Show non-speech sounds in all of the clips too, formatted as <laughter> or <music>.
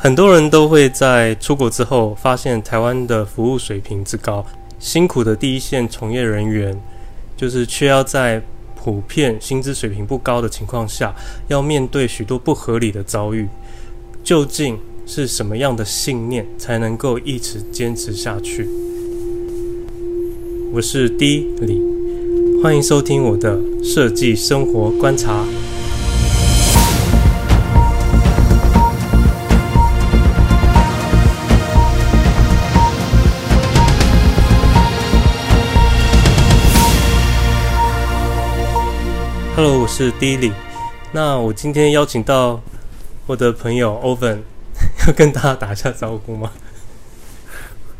很多人都會在出國之後發現台灣的服務水平之高，辛苦的第一線從業人員，就是卻要在普遍薪資水平不高的情況下，要面對許多不合理的遭遇。究竟是什麼樣的信念才能夠一直堅持下去？我是 D 李，歡迎收聽我的設計生活觀察。Hello，我是 Dilly 那我今天邀請到我的朋友 Owen，要跟大家打一下招呼嗎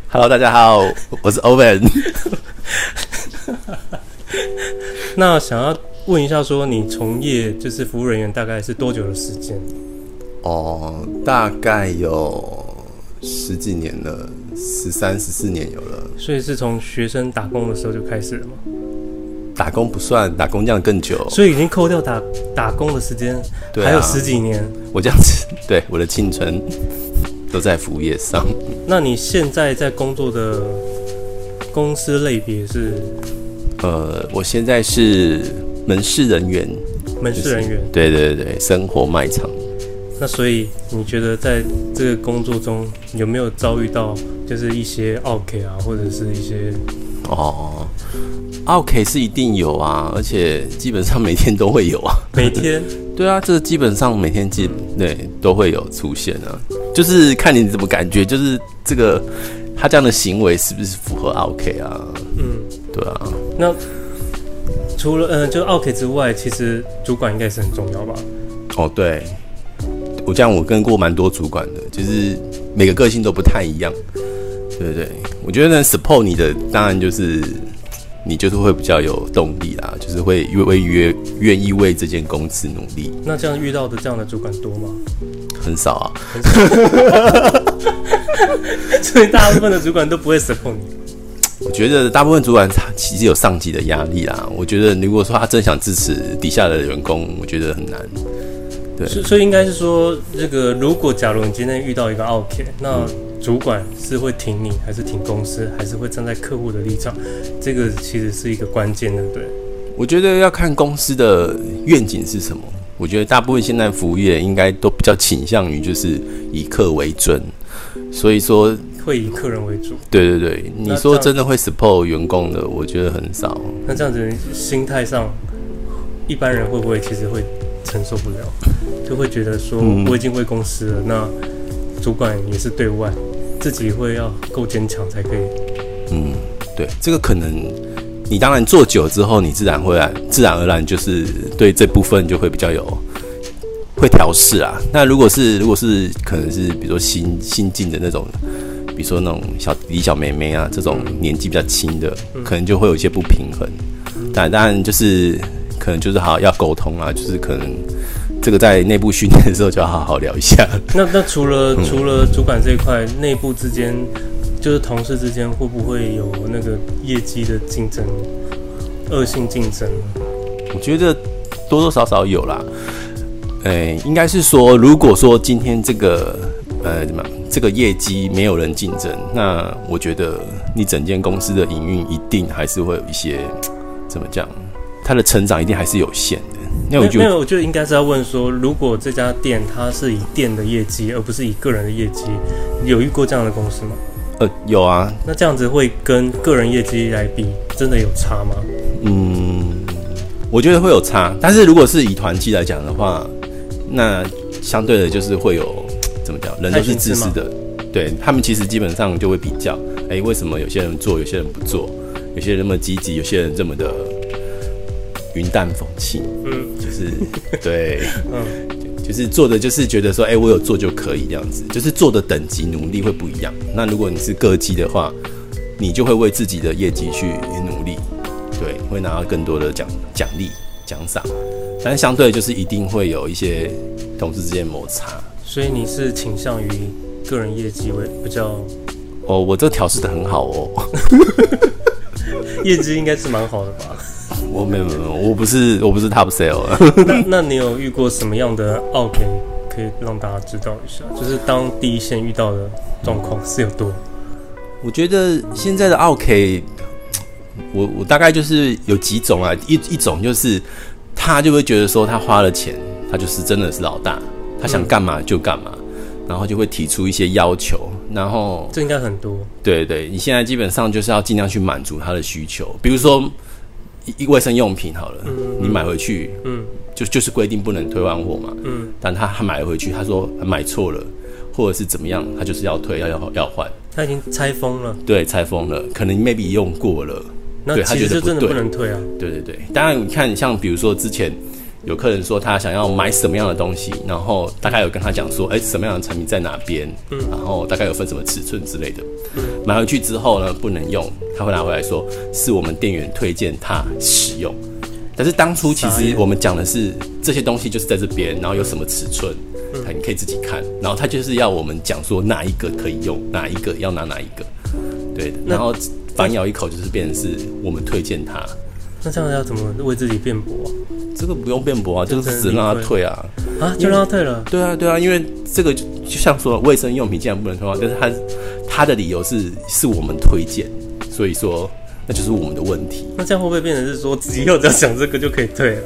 ？Hello，大家好，我是 Owen。 <laughs> <laughs> 那想要問一下，說你從業就是服務人員，大概是多久的時間？哦，oh, 大概有十幾年了，十三、十四年有了。所以是從學生打工的時候就開始了嗎？打工不算，打工這樣更久，所以已經扣掉打打工的時間，啊、還有十幾年。我這樣子，對我的青春都在服務業上。那你現在在工作的公司類別是？呃，我現在是門市人員。門市人員，就是？對對對，生活賣場。那所以你覺得在這個工作中有沒有遭遇到就是一些奧客啊，或者是一些哦？奧客是一定有啊，而且基本上每天都會有啊。每天？ <laughs> 對啊，這基本上每天進，嗯，對都會有出現啊。就是看你怎麼感覺，就是這個他這樣的行為是不是符合奧客啊？嗯，對啊。那除了嗯、呃，就奧客之外，其實主管應該是很重要吧？哦，對，我這樣我跟過蠻多主管的，就是每個個性都不太一樣，對不對，對？我覺得能，support 你的當然就是。你就是會比較有動力啦，就是會越為越願意為這間公司努力。那這樣遇到的這樣的主管多嗎？很少啊，所以大部分的主管都不會 support 你。我覺得大部分主管他其實有上級的壓力啦。我覺得如果說他真想支持底下的員工，我覺得很難。對，所以應該是說，這個如果假如你今天遇到一個奧客，那。主管是會挺你，還是挺公司，還是會站在客戶的立場？這個其實是一個關鍵的。對，我覺得要看公司的願景是什麼。我覺得大部分現在服務業應該都比較傾向於就是以客為尊，所以說會以客人為主。對對對，你說真的會 support 員工的，我覺得很少。那這樣子心態上，一般人會不會其實會承受不了，就會覺得說我已經為公司了、嗯、那。主管也是對外，自己會要夠堅強才可以。嗯，對，這個可能你當然做久之後，你自然會自然而然就是對這部分就會比較有會調適啊。那如果是如果是可能是比如說新新進的那種，比如說那種小李、小妹妹啊、嗯、這種年紀比較輕的，可能就會有一些不平衡。嗯、但但就是可能就是好要溝通啊，就是可能。這個在內部訓練的時候就要好好聊一下那。那那除了、嗯、除了主管這一塊，內部之間就是同事之間，會不會有那個業績的競爭、惡性競爭？我覺得多多少少有啦。哎，應該是說，如果說今天這個呃怎麼這個業績沒有人競爭，那我覺得你整間公司的營運一定還是會有一些怎麼講，它的成長一定還是有限的。那我覺得沒有沒有，我覺得應該是要問說，如果這家店它是以店的業績，而不是以個人的業績，你有遇過這樣的公司嗎？呃，有啊。那這樣子會跟個人業績來比，真的有差嗎？嗯，我覺得會有差。但是如果是以團體來講的話，那相對的，就是會有怎麼講？人都是自私的，對他們其實基本上就會比較。哎、欸，為什麼有些人做，有些人不做？有些人那麼積極，有些人這麼的雲淡風輕？嗯。是，對，嗯，就是做的，就是覺得說，哎、欸，我有做就可以這樣子，就是做的等級努力會不一樣。那如果你是各級的話，你就會為自己的業績去努力，對，會拿到更多的獎獎勵獎賞。但是相對就是一定會有一些同事之間摩擦。所以你是傾向於個人業績會比較……哦，我這調試得很好哦， <laughs> 業績應該是蠻好的吧。我沒有沒有，我不是我不是 top sale。那那你有遇過什麼樣的奧客可以讓大家知道一下？就是當第一線遇到的狀況是有多？我覺得現在的奧客，我我大概就是有幾種啊，一一種就是他就會覺得說他花了錢，他就是真的是老大，他想幹嘛就幹嘛，嗯、然後就會提出一些要求，然後這應該很多。對，對對，你現在基本上就是要盡量去滿足他的需求，比如說。嗯一衛生用品好了，嗯嗯嗯，你買回去，嗯、就就是規定不能退換貨嘛。嗯、但他還買回去，他說還買錯了，或者是怎麼樣，他就是要退要要要換。他已經拆封了，對，拆封了，可能 maybe 用過了，那其實就真的不能退啊。對對對，當然你看，像比如說之前。有客人說他想要買什麼樣的東西，然後大概有跟他講說，哎、欸，什麼樣的產品在哪邊，嗯，然後大概有分什麼尺寸之類的。嗯、買回去之後呢，不能用，他會拿回來說是我們店員推薦他使用，但是當初其實我們講的是傻眼，這些東西就是在這邊，然後有什麼尺寸、嗯啊，你可以自己看，然後他就是要我們講說哪一個可以用，哪一個要拿哪一個，對，然後反咬一口就是變成是我們推薦他那。那這樣要怎麼為自己辯駁、啊？這個不用辯駁啊，就，就是死讓他退啊啊，為就讓他退了。對啊，對啊，因為這個就，就像說衛生用品竟然不能退換，但是他他的理由是是我們推薦，所以說那就是我們的問題。那這樣會不會變成是說只要想這個就可以退了？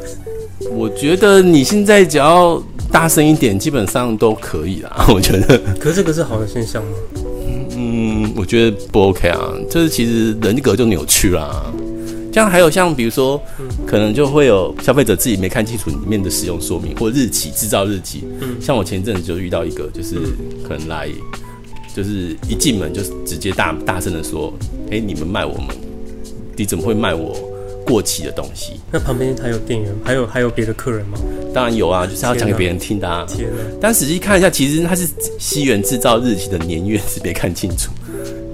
我覺得你現在只要大聲一點，基本上都可以啦。我覺得。可是這個是好的現象嗎？嗯，嗯，我覺得不 OK 啊，就是其實人格就扭曲啦。這樣還有像比如說，可能就會有消費者自己沒看清楚裡面的使用說明或日期、製造日期。嗯，像我前陣子就遇到一個，就是、嗯、可能來，就是一進門就直接大大聲的說：“哎、欸，你們賣我們？你怎麼會賣我過期的東西？”那旁邊還有店員，還有還有別的客人嗎？當然有啊，就是要講給別人聽的啊，天啊。天啊。但仔細看一下，其實它是西元製造日期的年月是沒看清楚，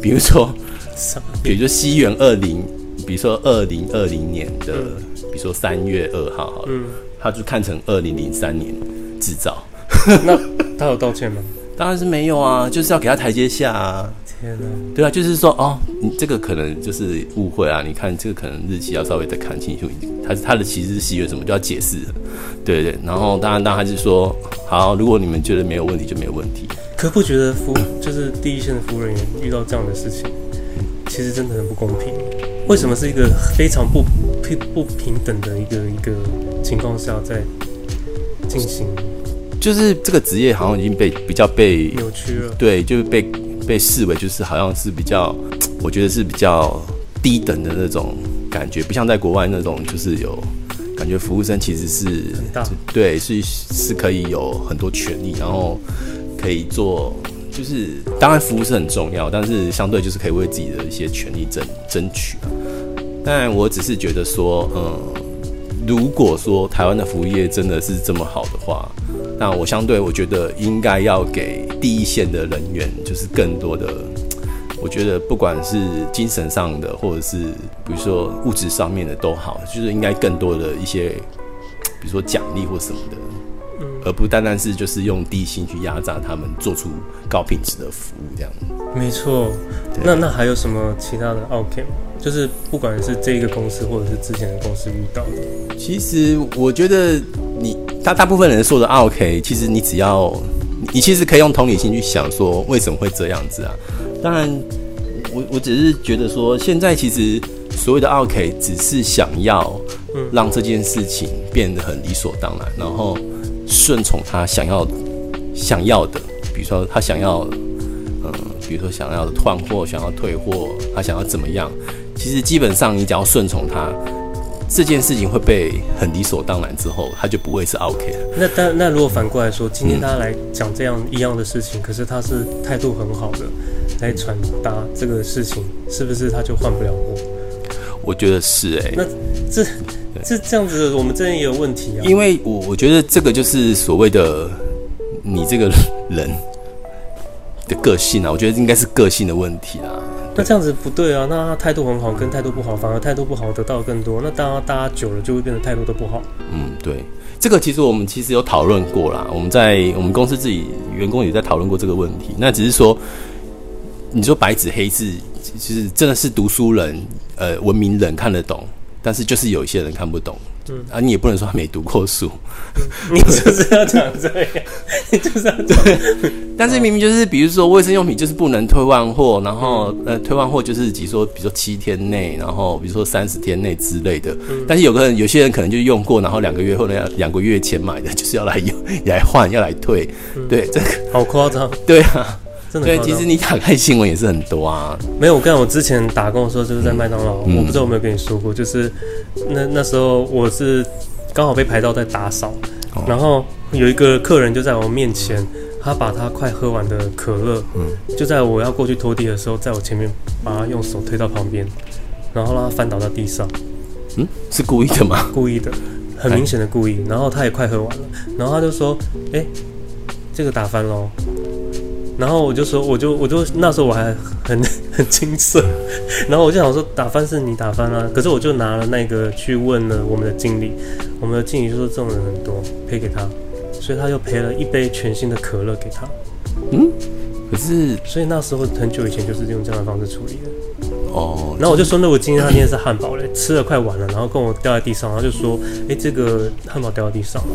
比如說，什麼？比如說西元二零。比如說二零二零年的，比如說三月二號，嗯，他就看成二零零三年製造。 <laughs> 那他有道歉嗎？當然是沒有啊，就是要給他台階下啊。天啊哪。對啊，就是說哦，你這個可能就是誤會啊。你看這個可能日期要稍微再看清楚一點，他他的其實是喜悅怎麼就要解釋？對，對對。然後當然當然還是說，好，如果你們覺得沒有問題，就沒有問題。可不覺得服就是第一線的服務人員遇到這樣的事情，嗯、其實真的很不公平。為什麼是一個非常不不，不平等的一個一個情況下在進行？就是這個職業好像已經被、嗯、比較被扭曲了。對，就是被被視為就是好像是比較，我覺得是比較低等的那種感覺，不像在國外那種，就是有感覺服務生其實是很大，對，是是可以有很多權利，然後可以做。就是，當然服務是很重要，但是相對就是可以為自己的一些權利爭爭取。但當然，我只是覺得說，嗯，如果說台灣的服務業真的是這麼好的話，那我相對我覺得應該要給第一線的人員就是更多的，我覺得不管是精神上的，或者是比如說物質上面的都好，就是應該更多的一些，比如說獎勵或什麼的。而不單單是就是用低薪去壓榨他們，做出高品質的服務這樣。沒錯，對那那還有什麼其他的奧客就是不管是這一個公司或者是之前的公司遇到的，其實我覺得你大大部分人說的奧客，其實你只要你你其實可以用同理心去想說，為什麼會這樣子啊？當然我，我我只是覺得說，現在其實所謂的奧客，只是想要讓這件事情變得很理所當然，嗯、然後。順從他想要想要的，比如說他想要，嗯，比如說想要的換貨、想要退貨，他想要怎麼樣？其實基本上你只要順從他，這件事情會被很理所當然之後，他就不會是 OK 那。那但那如果反過來說，今天他來講這樣一樣的事情，嗯、可是他是態度很好的來傳達這個事情，是不是他就換不了貨？我覺得是哎、欸。那這。是這樣子的，我們這邊也有問題啊。因為我我覺得這個就是所謂的你這個人的個性啊，我覺得應該是個性的問題啊。那這樣子不對啊，那他態度很好跟態度不好，反而態度不好得到更多。那大家大家久了就會變得態度都不好。嗯，對，這個其實我們其實有討論過啦，我們在我們公司自己員工也在討論過這個問題。那只是說，你說白紙黑字，就是真的是讀書人，呃，文明人看得懂。但是就是有一些人看不懂，嗯、啊，你也不能說他沒讀過書，嗯、你，你就是要講這樣， <laughs> 你就是要這樣。對嗯、但是明明就是，比如說衛生用品就是不能退換貨，然後、嗯、呃，退換貨就是，即說比如說七天內，然後比如說三十天內之類的。嗯、但是有個人有些人可能就用過，然後兩個月或者兩個月前買的，就是要來用 <laughs> 要來換要來退，嗯、對，這個好誇張， <laughs> 對啊。對，其實你打開新聞也是很多啊。沒有，我跟我之前打工的時候就是在麥當勞。嗯嗯、我不知道有沒有跟你說過，就是那那時候我是剛好被排到在打掃，哦、然後有一個客人就在我面前，他把他快喝完的可樂，嗯，就在我要過去拖地的時候，在我前面把他用手推到旁邊，然後讓他翻倒到地上。嗯，是故意的嗎？啊、故意的，很明顯的故意。唉然後他也快喝完了，然後他就說：“哎、欸，這個打翻嘍。”然後我就說，我就我就那時候我還很很青澀，然後我就想說打翻是你打翻了啊，可是我就拿了那個去問了我們的經理，我們的經理就說這種人很多賠給他，所以他就賠了一杯全新的可樂給他。嗯，可是所以那時候很久以前就是用這樣的方式處理的。哦，然後我就說那我今天他今天是漢堡嘞，吃了快完了，然後跟我掉在地上，然後就說哎，這個漢堡掉在地上了。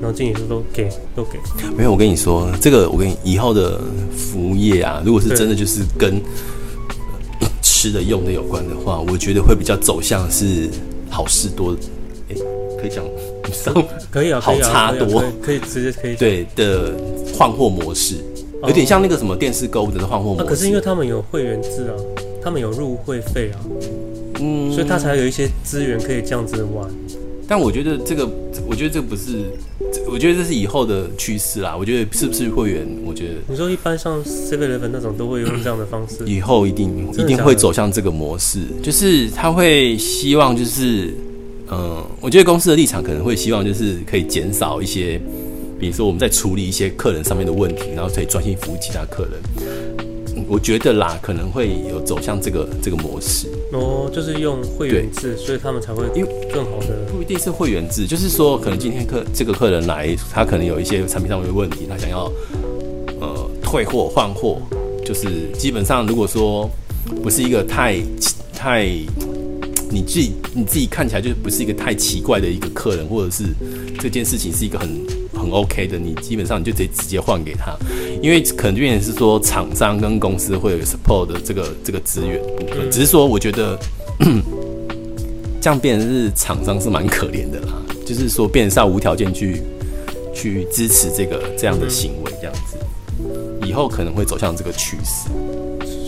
然後經理說都給都給，都給，沒有我跟你說這個，我跟你以後的服務業啊，如果是真的就是跟對吃的用的有關的話，我覺得會比較走向是好市多，可以講可以，啊，可以啊，好市多可，啊可啊可，可以直接可以對的換貨模式，哦、有點像那個什麼電視購物的換貨模式。啊、可是因為他們有會員制啊，他們有入會費啊，嗯，所以他才有一些資源可以這樣子玩。但我覺得這個，我覺得這不是，我覺得這是以後的趨勢啦。我覺得是不是會員？我覺得你說一般上 seven eleven 那種都會用這樣的方式，以後一定一定會走向這個模式，的的就是他會希望，就是嗯，我覺得公司的立場可能會希望，就是可以減少一些，比如說我們在處理一些客人上面的問題，然後可以專心服務其他客人。我覺得啦，可能會有走向這個這個模式哦，oh, 就是用會員制，對所以他們才會喲，更好的不一定是會員制，就是說可能今天客這個客人來，嗯、他可能有一些產品上有問題，他想要呃退貨換貨，嗯、就是基本上如果說不是一個太太你自己你自己看起來就是不是一個太奇怪的一個客人，或者是這件事情是一個很。很 OK 的，你基本上你就直接直接換給他，因為可能變成是說廠商跟公司會有 support 的這個這個資源，嗯、只是說我覺得這樣變成是廠商是蠻可憐的啦，就是說變成是要無條件去去支持這個這樣的行為，這樣子、嗯、以後可能會走向這個趨勢，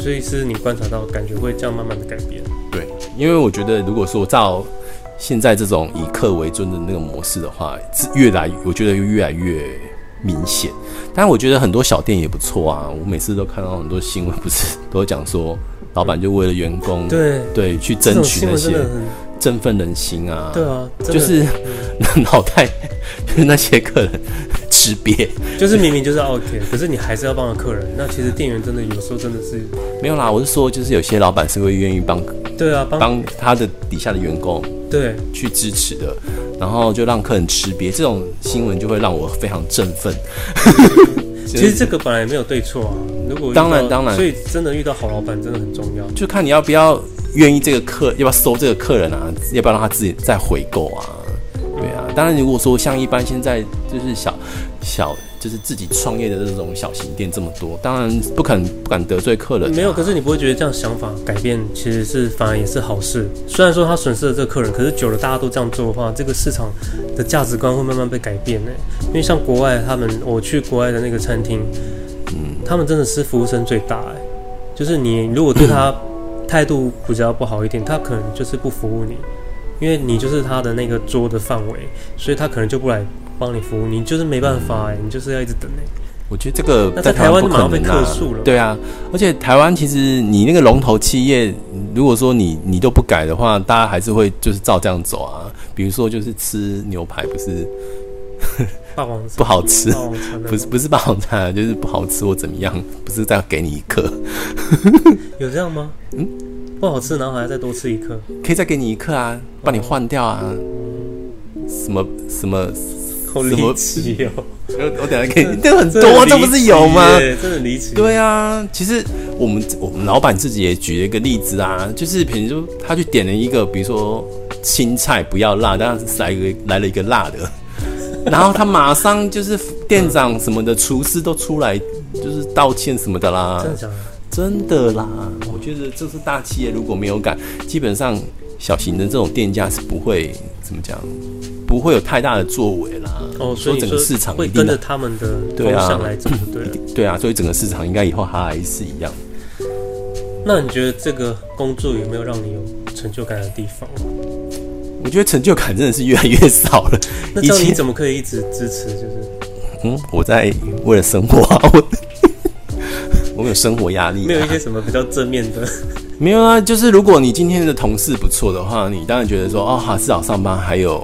所以是你觀察到感覺會這樣慢慢的改變，對，因為我覺得如果說照。現在這種以客為尊的那個模式的話，越來我覺得越來越明顯。但是我覺得很多小店也不錯啊，我每次都看到很多新聞，不是都講說老闆就為了員工，對對，去爭取那些振奮人心啊。對啊，就是、嗯、腦袋就是那些客人吃癟，就是明明就是奧客。可是你還是要幫着客人。那其實店員真的有時候真的是沒有啦。我是說，就是有些老闆是會願意幫，對啊，幫，幫他的底下的員工。對，去支持的，然後就讓客人吃癟這種新聞，就會讓我非常振奮。哦、 <laughs> 的其實這個本來也沒有對錯啊。如果當然當然，當然所以真的遇到好老闆真的很重要，就看你要不要願意這個客，要不要收這個客人啊，要不要讓他自己再回購啊？對啊，當然如果說像一般現在就是小小。就是自己創業的這種小型店這麼多，當然不肯不敢得罪客人。沒有，可是你不會覺得這樣想法改變其實是反而也是好事。雖然說他損失了這個客人，可是久了大家都這樣做的話，這個市場的價值觀會慢慢被改變的。因為像國外他們，我去國外的那個餐廳，嗯，他們真的是服務生最大。哎，就是你如果對他態度比較不好一點， <coughs> 他可能就是不服務你，因為你就是他的那個桌的範圍，所以他可能就不來幫你服務，你就是沒辦法哎、欸，嗯、你就是要一直等、欸、我覺得這個在台灣可能、啊、被客訴了。對啊，而且台灣其實你那個龍頭企業，如果說你你都不改的話，大家還是會就是照這樣走啊。比如說就是吃牛排不是霸王，不好吃，不是不是霸王餐，啊，就是不好吃或怎麼樣，不是再給你一客。 <laughs> 有這樣嗎？嗯，不好吃，然後還要再多吃一客，可以再給你一客啊，幫你換掉啊，什麼、嗯、什麼。什麼好離奇哦！ <laughs> 我等一下給你，這很多、啊，這不是有嗎？真的離奇。對啊，其實我們我們老闆自己也舉了一個例子啊，就是平時他去點了一個，比如說青菜不要辣，但是來個來了一個辣的， <laughs> 然後他馬上就是店長什麼的、嗯、廚師都出來就是道歉什麼的啦。真的假的？真的啦，我覺得就是大企業、嗯、如果沒有改，基本上小型的這種店家是不會怎麼講不會有太大的作為啦。哦，所以整個市場會跟着他們的方向來走，對啊、嗯、對啊，所以整個市場應該以後還是一樣的。那你覺得這個工作有沒有讓你有成就感的地方？我覺得成就感真的是越來越少了。那你怎麼可以一直支持？就是嗯，我在為了生活，啊，我 <laughs> 我有生活壓力，啊，沒有一些什麼比較正面的，啊。沒有啊，就是如果你今天的同事不錯的話，你當然覺得說、嗯、哦、哈，至少上班還有。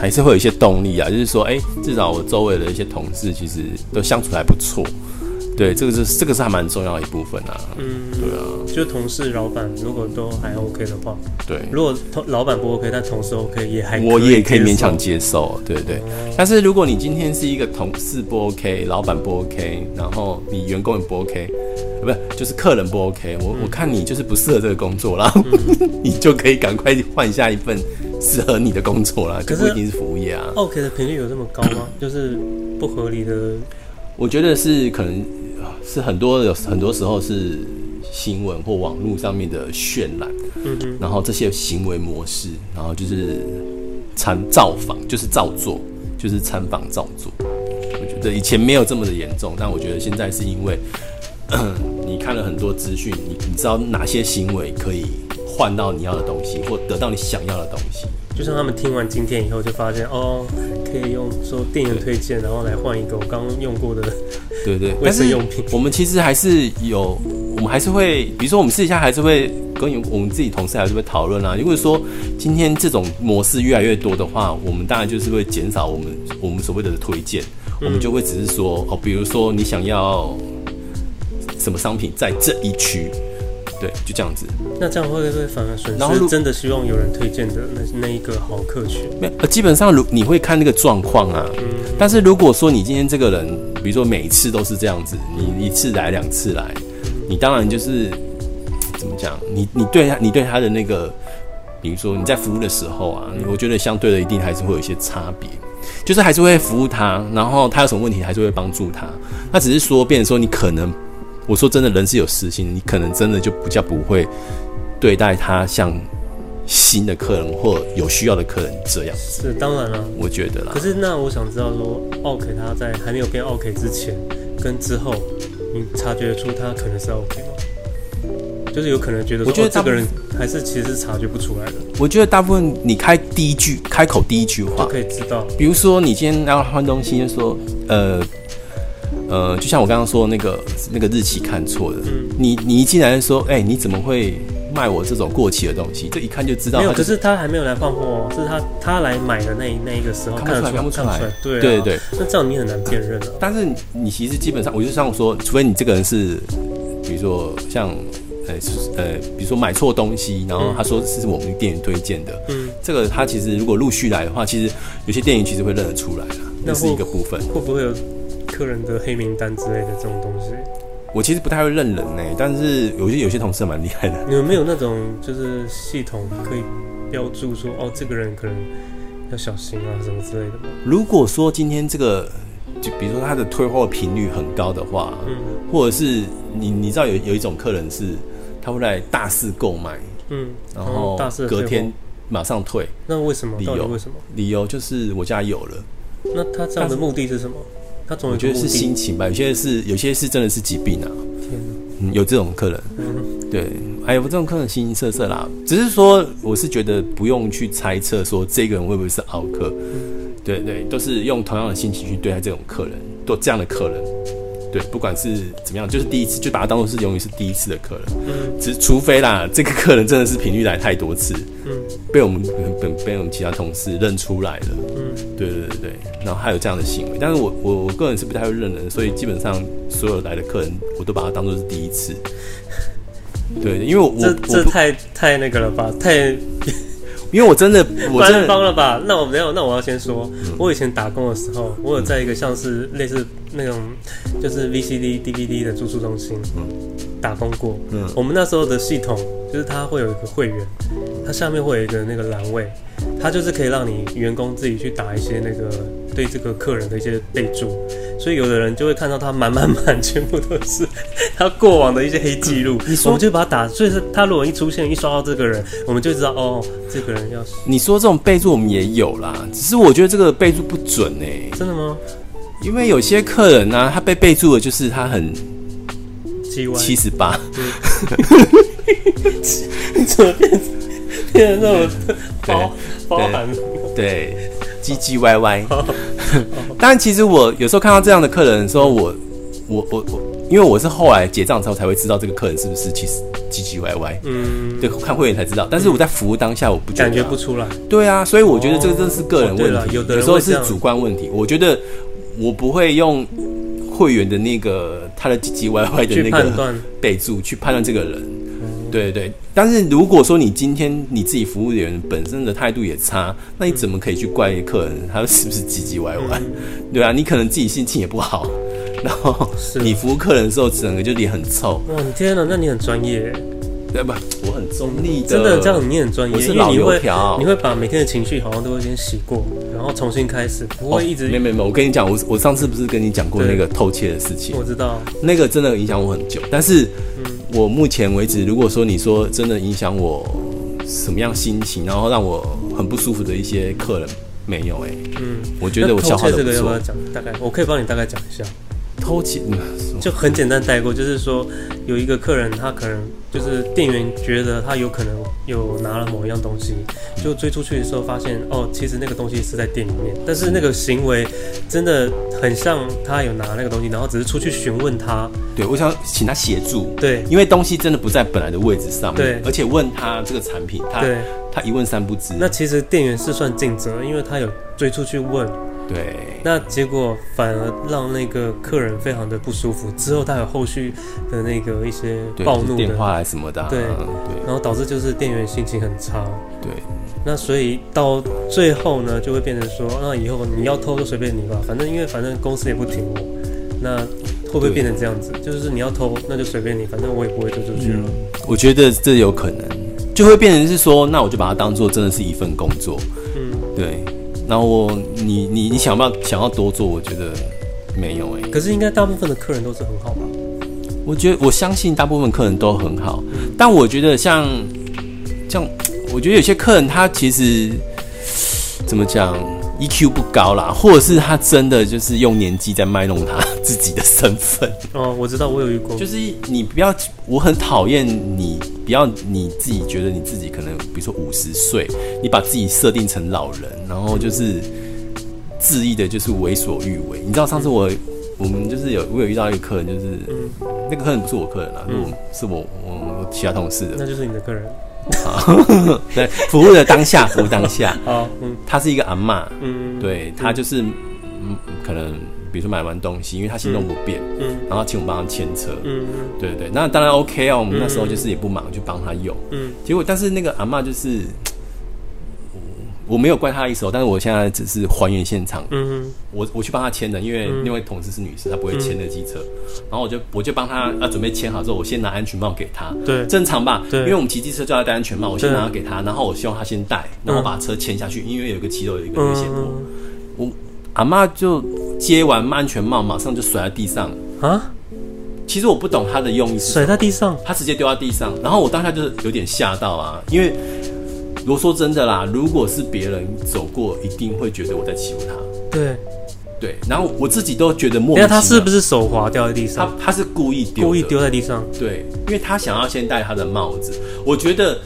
還是會有一些動力啊，就是說，哎、欸，至少我周圍的一些同事其實都相處還不錯，對，這個是這個是還蠻重要的一部分啊。嗯，對啊，就同事、老闆如果都還 OK 的話，對，如果老闆不 OK，但同事 OK 也還，我也可以勉強接受，對對、對。嗯、但是如果你今天是一個同事不 OK，老闆不 OK，然後你員工也不 OK，不是就是客人不 OK，我、嗯、我看你就是不適合這個工作然後、嗯、 <laughs> 你就可以趕快換下一份。適合你的工作啦，可是就不一定是服務業啊。奧客的頻率有這麼高嗎？ <coughs> 就是不合理的。我覺得是可能是很多有很多時候是新聞或網絡上面的渲染。嗯哼然後這些行為模式，然後就是參造訪，就是造作，就是參訪造作。我覺得以前沒有這麼的嚴重，但我覺得現在是因為你看了很多資訊，你你知道哪些行為可以。換到你要的東西，或得到你想要的東西。就像他們聽完今天以後，就發現哦，可以用做店員推薦，對然後來換一個我剛用過的用，對,對對。衛生用品我們其實還是有，我們還是會，比如說我們試一下，還是會跟我們自己同事還是會討論啊。因為說今天這種模式越來越多的話，我們當然就是會減少我們我們所謂的推薦，我們就會只是說哦、嗯，比如說你想要什麼商品在這一區。對，就這樣子。那這樣會不會反而損失？然後真的希望有人推薦的，那是那一個好客群？沒，呃，基本上如你會看那個狀況啊。嗯。但是如果說你今天這個人，比如說每一次都是這樣子，你一次來兩次來，你當然就是怎麼講？你你對他，你對他的那個，比如說你在服務的時候啊，我覺得相對的一定還是會有一些差別，就是還是會服務他，然後他有什麼問題還是會幫助他。他只是說，變成說你可能。我說真的，人是有私心，你可能真的就比較不會對待他像新的客人或有需要的客人這樣。是當然了，我覺得啦。可是那我想知道說，奧、OK、客他在還沒有變奧客之前跟之後，你察覺出他可能是奧客嗎？就是有可能覺得說，我得、哦、這個人還是其實是察覺不出來的。我覺得大部分你開第一句開口第一句話就可以知道。比如說你今天要換東西，就說呃。呃，就像我剛剛說的那個那個日期看錯的、嗯，你你一進來說，哎、欸，你怎麼會賣我這種過期的東西？這一看就知道、就是。沒有，可是他還沒有來放貨哦，是他他來買的那那一個時候看不出來，看不出來，對對對。那這樣你很難辨認了、啊。但是你其實基本上，我就像我說，除非你這個人是，比如說像，呃、欸、呃，比如說買錯東西，然後他說是我們店員推薦的，嗯，這個他其實如果陸續來的話，其實有些店員其實會認得出來的，那或是一個部分，會不會有？客人的黑名單之類的這種東西，我其實不太會認人呢、欸。但是有些，有些同事蠻厲害的。你們沒有那種就是系統可以標註說 <laughs> 哦，這個人可能要小心啊什麼之類的嗎？如果說今天這個，就比如說他的退貨頻率很高的話，嗯，或者是你你知道有有一種客人是他會來大肆購買，嗯，然後隔天馬上退，嗯、馬上退，那為什麼？理由為什麼？理由就是我家有了。那他這樣的目的是什麼？他總有覺得是心情吧，有些是，有些是真的是疾病啊！天吶、啊嗯，有這種客人，嗯、對，還有這種客人形形色色啦。只是說，我是覺得不用去猜測說這個人會不會是奧客，嗯、對，對對，都是用同樣的心情去對待這種客人，都這樣的客人。對，不管是怎麼樣，就是第一次，就把它當做是永遠是第一次的客人。嗯，只除非啦，這個客人真的是頻率來太多次，嗯，被我們被被我們其他同事認出來了，嗯，對對對對，然後還有這樣的行為，但是我我我個人是不太會認人，所以基本上所有來的客人，我都把它當做是第一次。對，因為我這這我不太太那個了吧，太，因為我真的官方了吧？那我沒有，那我要先說，嗯、我以前打工的時候，我有在一個像是類似、嗯。那種就是 VCD、DVD 的住宿中心，嗯，打工過。嗯，我們那時候的系統就是它會有一個會員，它下面會有一個那個欄位，它就是可以讓你員工自己去打一些那個對這個客人的一些備註。所以有的人就會看到他滿滿滿，全部都是他過往的一些黑記錄。我們就把它打，所以說他如果一出現一刷到這個人，我們就知道哦，這個人要。你說這種備註我們也有啦，只是我覺得這個備註不準哎，真的嗎？因為有些客人呢，他被備注的就是他很七十八，怎麼變變得那麼包包含？對，唧唧歪歪。但其實我有時候看到這樣的客人的時候，我我我我，因為我是後來結賬的時候才會知道這個客人是不是其實唧唧歪歪。嗯，對，看會員才知道。但是我在服務當下，我不覺得感覺不出來。對啊，所以我覺得這真是個人問題，有時候是主觀問題。我覺得。我不會用會員的那個他的唧唧歪歪的那個備注去判,去判斷這個人，嗯、對對但是如果說你今天你自己服務的人本身的態度也差，那你怎麼可以去怪客人他是不是唧唧歪歪？嗯、對啊，你可能自己心情也不好，然後你服務客人的時候整個就臉很臭。哇，你天哪！那你很專業。對吧，我很中立，真的這樣，你很專業。我是老油條，你會，哦、你會把每天的情緒好像都先洗過，然後重新開始，不會一直。哦、沒沒沒，我跟你講，我我上次不是跟你講過那個偷竊的事情？我知道。那個真的影響我很久，但是，嗯、我目前為止，如果說你說真的影響我什麼樣心情，然後讓我很不舒服的一些客人，沒有哎、欸。嗯，我覺得我偷竊這個要不要講？大概我可以幫你大概講一下。偷竊、嗯？就很簡單，帶過就是說，有一個客人，他可能就是店員覺得他有可能有拿了某一樣東西，就追出去的時候發現，哦，其實那個東西是在店裡面，但是那個行為真的很像他有拿那個東西，然後只是出去詢問他。對，我想請他協助。對，因為東西真的不在本來的位置上面，對，而且問他這個產品，他對，他一問三不知。那其實店員是算盡責，因為他有追出去問。對，那結果反而讓那個客人非常的不舒服，之後他有後續的那個一些暴怒電話什麼的，對對，對然後導致就是店員心情很差。對，那所以到最後呢，就會變成說，那以後你要偷就隨便你吧，反正因為反正公司也不停，那會不會變成這樣子？對就是你要偷那就隨便你，反正我也不會追出去了。嗯，我覺得這有可能，就會變成是說，那我就把它當做真的是一份工作。嗯，對。然後我你你你想要不要想要多做？我覺得沒有哎。可是應該大部分的客人都是很好吧？我覺得我相信大部分客人都很好，但我覺得像像我覺得有些客人他其實怎麼講 EQ 不高啦，或者是他真的就是用年紀在賣弄他自己的身份。哦，我知道，我有遇過，就是你不要，我很討厭你。不要你自己覺得你自己可能，比如說五十歲，你把自己設定成老人，然後就是恣意的，就是為所欲為。你知道上次我、嗯、我們就是有我有遇到一個客人，就是、嗯、那個客人不是我客人啦，嗯、是我是我我其他同事的、嗯，那就是你的客人。 <laughs> <laughs> 對，服務的當下，服務當下。 <laughs> 嗯、他是一個阿嬤，嗯、對他就是嗯可能，比如說買完東西，因為他行動不便，嗯，然後請我們幫他牽車，嗯對對，那當然 OK 啊。我們那時候就是也不忙，就幫他用，嗯。結果，但是那個阿嬤就是，我我沒有怪他的意思，但是我現在只是還原現場，嗯嗯。我我去幫他牽的，因為那位同事是女士，她不會牽那機車，然後我就我就幫他啊，準備牽好之後，我先拿安全帽給他，對，正常吧，對，因為我們騎機車就要戴安全帽，我先拿給他，然後我希望他先戴，然後把車牽下去，因為有一個騎手有一個危險坡，我。阿媽就接完安全帽，馬上就甩在地上啊！其實我不懂他的用意是，甩在地上，他直接丟到地上，然後我當下就是有點嚇到啊！因為我說真的啦，如果是別人走過，一定會覺得我在欺負他。對對，然後我自己都覺得莫。那他是不是手滑掉在地上？他他是故意丟，故意丟在地上。對，因為他想要先戴他的帽子。我覺得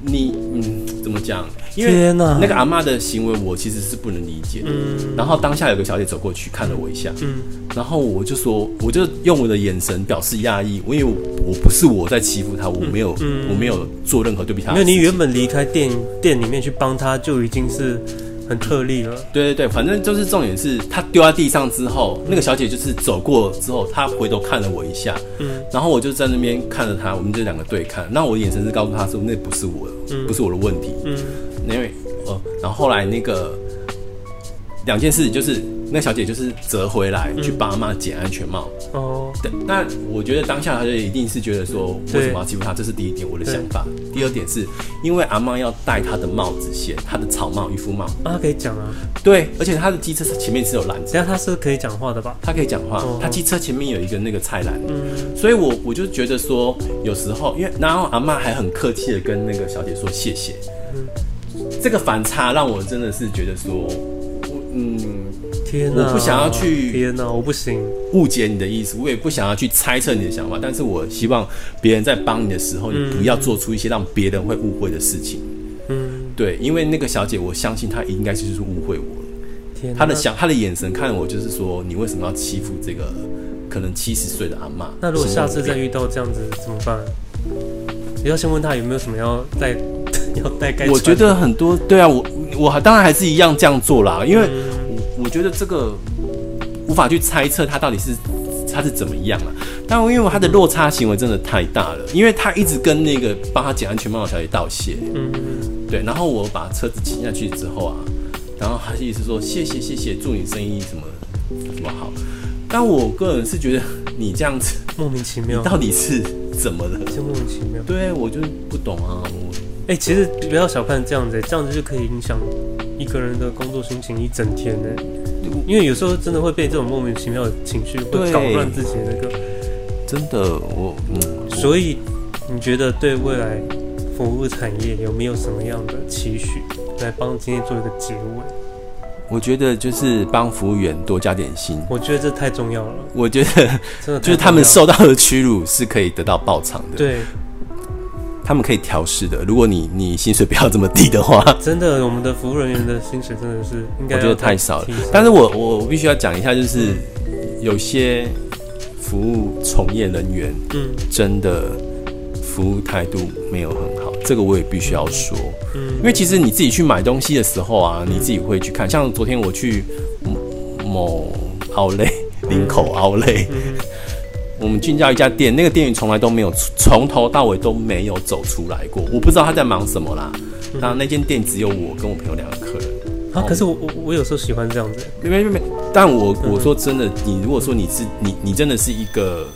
你嗯。怎麼講？因為那個阿嬤的行為，我其實是不能理解的。嗯，然後當下有個小姐走過去看了我一下，嗯，然後我就說，我就用我的眼神表示訝異。我因為我，我不是我在欺負她，我沒有，嗯嗯，我沒有做任何對比她。因為你原本離開店店裡面去幫她，就已經是。很特例啊，嗯、對對對，反正就是重點是，他丟在地上之後，嗯，那個小姐就是走過之後，她回頭看了我一下，嗯，然後我就在那邊看着她，我們就兩個對看，那我眼神是告訴她說，那不是我的，嗯，不是我的問題，嗯，因為哦，呃，然後後來那個兩件事就是。嗯那小姐就是折回來去幫阿嬤撿安全帽哦。嗯 oh. 對，那我覺得當下她就一定是覺得說，為什麼要欺負她？對這是第一點我的想法。對第二點是因為阿嬤要戴她的帽子先，先她的草帽漁夫帽。啊，可以講啊。對，而且她的機車前面是有籃子，這樣是，是可以講話的吧？她可以講話，她機車前面有一個那個菜籃。嗯，oh. 所以我我就覺得說，有時候因為然後阿嬤還很客氣的跟那個小姐說謝謝。嗯，這個反差讓我真的是覺得說。嗯，天吶哪，我不想要去。天哪，我不行。誤解你的意思，我也不想要去猜測你的想法。但是我希望別人在幫你的時候，嗯、你不要做出一些讓別人會誤會的事情。嗯，對，因為那個小姐，我相信她應該就是誤會我了。天哪，她的想，她的眼神看我，就是說你為什麼要欺負這個可能七十歲的阿嬤？那如果下次再遇到這樣子怎麼辦？你要先問她有沒有什麼要再。我覺得很多對啊，我我當然還是一樣這樣做啦，因為我，我覺得這個無法去猜測他到底是他是怎麼樣了啊。但因為他的落差行為真的太大了，因為他一直跟那個幫他撿安全帽的小姐道謝，嗯對。然後我把車子騎下去之後啊，然後他意思說謝謝謝謝，祝你生意什麼什麼好。但我個人是覺得你這樣子莫名其妙，你到底是怎麼的？是莫名其妙。對，我就不懂啊。我。哎、欸，其實不要小看這樣子，這樣子就可以影響一個人的工作心情一整天呢。因為有時候真的會被這種莫名其妙的情緒會搞亂自己的那個。真的，我嗯。我所以你覺得對未來服務產業有沒有什麼樣的期許，來幫今天做一個結尾？我覺得就是幫服務員多加點薪。我覺得這太重要了。我覺得真的就是他們受到的屈辱是可以得到報償的。對。他們可以調試的，如果你你薪水不要這麼低的話，真的，我們的服務人員的薪水真的是應該，我覺得太少了。但是我我必須要講一下，就是、嗯、有些服務從業人員，嗯，真的服務態度沒有很好，嗯、這個我也必須要說，嗯、因為其實你自己去買東西的時候啊，你自己會去看，嗯、像昨天我去某 Outlet，林口 Outlet。嗯嗯我們進到一家店，那個店員從來都沒有從頭到尾都沒有走出來過，我不知道他在忙什麼啦。嗯、當然那間店只有我跟我朋友兩個客人，啊。然後可是我我我有時候喜歡這樣子，沒沒沒，但我、嗯、我說真的，你如果說你是你你真的是一個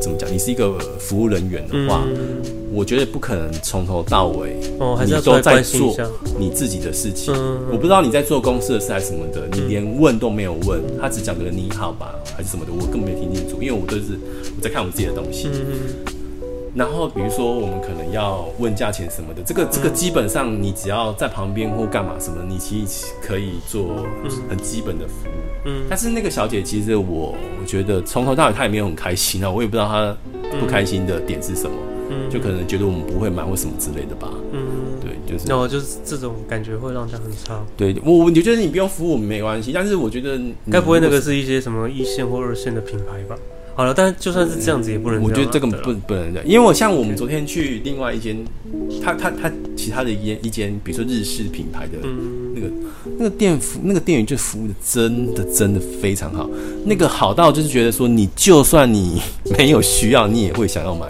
怎麼講，你是一個服務人員的話。嗯我覺得不可能從頭到尾，你都在做你自己的事情。我不知道你在做公司的事還是什麼的，你連問都沒有問，他只講了你好吧還是什麼的，我根本沒聽清楚，因為我都是我在看我自己的東西。然後比如說我們可能要問價錢什麼的，這個這個基本上你只要在旁邊或幹嘛什麼，你其實可以做很基本的服務。嗯，但是那個小姐其實我我覺得從頭到尾她也沒有很開心啊，我也不知道她不開心的點是什麼。就可能覺得我們不會買或什麼之類的吧。嗯哼，嗯，對，就是，然後、哦、就是這種感覺會讓他很差。對我，我就覺得你不用服務我們沒關係，但是我覺得該、嗯、不會那個是一些什麼一線或二線的品牌吧？好了，但就算是這樣子也不能這樣、啊嗯，我覺得這個不了不能這樣，因為我像我們昨天去另外一間，Okay. 他他他其他的一間，一間比如說日式品牌的。嗯那個店服，那個店員就服務的真的真的非常好，那個好到就是覺得說，你就算你沒有需要，你也會想要買，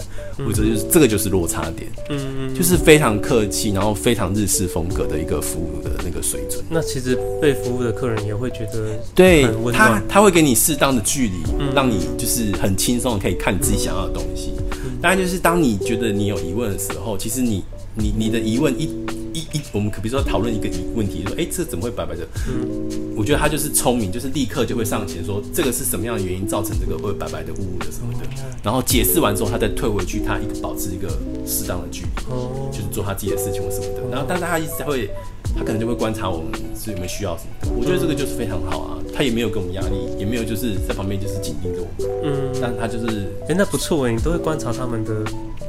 我覺得就是、嗯、哼這個就是落差點，嗯哼，就是非常客氣，然後非常日式風格的一個服務的那個水準。那其實被服務的客人也會覺得，對他他會給你適當的距離，嗯、哼讓你就是很輕鬆可以看你自己想要的東西。當然、嗯、哼就是當你覺得你有疑問的時候，其實你你你的疑問一。一一，我們可比如說討論一個問題說哎、欸，這怎麼會白白的？嗯、我覺得他就是聰明，就是立刻就會上前說，這個是什麼樣的原因造成這個會白白的、污污的什麼的。然後解釋完之後，他再退回去，他一個保持一個適當的距離，嗯、就是做他自己的事情或什麼的。然後，但是他一直會，他可能就會觀察我們是有沒有需要什麼的。我覺得這個就是非常好啊。他也沒有給我們壓力，也沒有就是在旁邊就是緊盯着我們。嗯，但他就是，哎、欸，那不錯哎，你都會觀察他們的。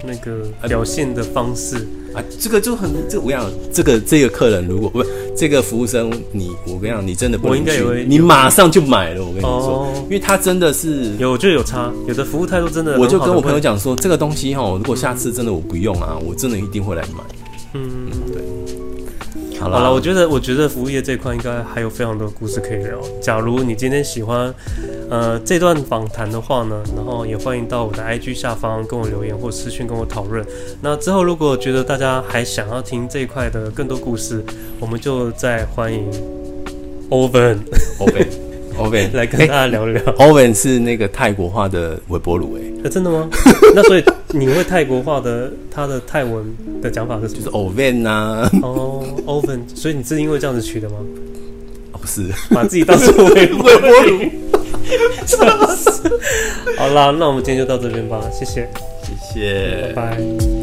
那個表現的方式啊，啊，這個就很，這我跟你講這個這個客人如果不是這個服務生，你我跟你講，你真的不能，我應該以為你馬上就買了，我跟你說，哦、因為他真的是有就有差，有的服務態度真的，我就跟我朋友講說，會這個東西哈，如果下次真的我不用啊，我真的一定會來買。嗯，嗯，對，好了，好了啦，我覺得我覺得服務業這一塊應該還有非常多故事可以聊。假如你今天喜歡。呃，這段訪談的話呢，然後也歡迎到我的 IG 下方跟我留言或私訊跟我討論。那之後如果覺得大家還想要聽這一塊的更多故事，我們就再歡迎 Oven，Oven，Oven 來跟大家聊聊。欸、Oven 是那個泰國話的微波爐，哎、啊，真的嗎？ <laughs> 那所以你會泰國話的，他的泰文的講法是什麼？就是 Oven 啊，哦，Oven，、oh, 所以你是因為這樣子取的嗎？哦、不是，把自己當做微波爐。 <laughs> <laughs> <laughs> 真的是好啦，那我們今天就到這邊吧，謝謝，謝謝，拜拜。